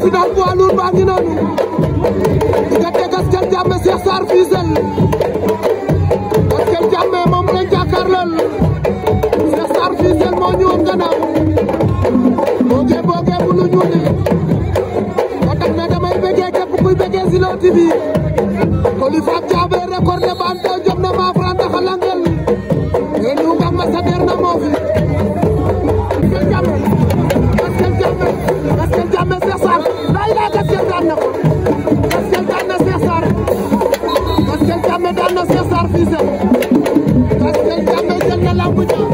final poids lourd baa ngi noonu diggante Gaskel Jammeh Cheikh Sarr Fissel Gaskel Jammeh moom lañ jàkkaarlool Cheikh Sarr Fissel moo ñu woon gannaaw boo gee boo bu lu ñuul li ba tax na damay bëggee képp kuy bëggee Koli Fap Jaabee record le baan Pascal Thiamé daan na Cheikh Sarr Cissé Pascal Thiamé jël na lamb ja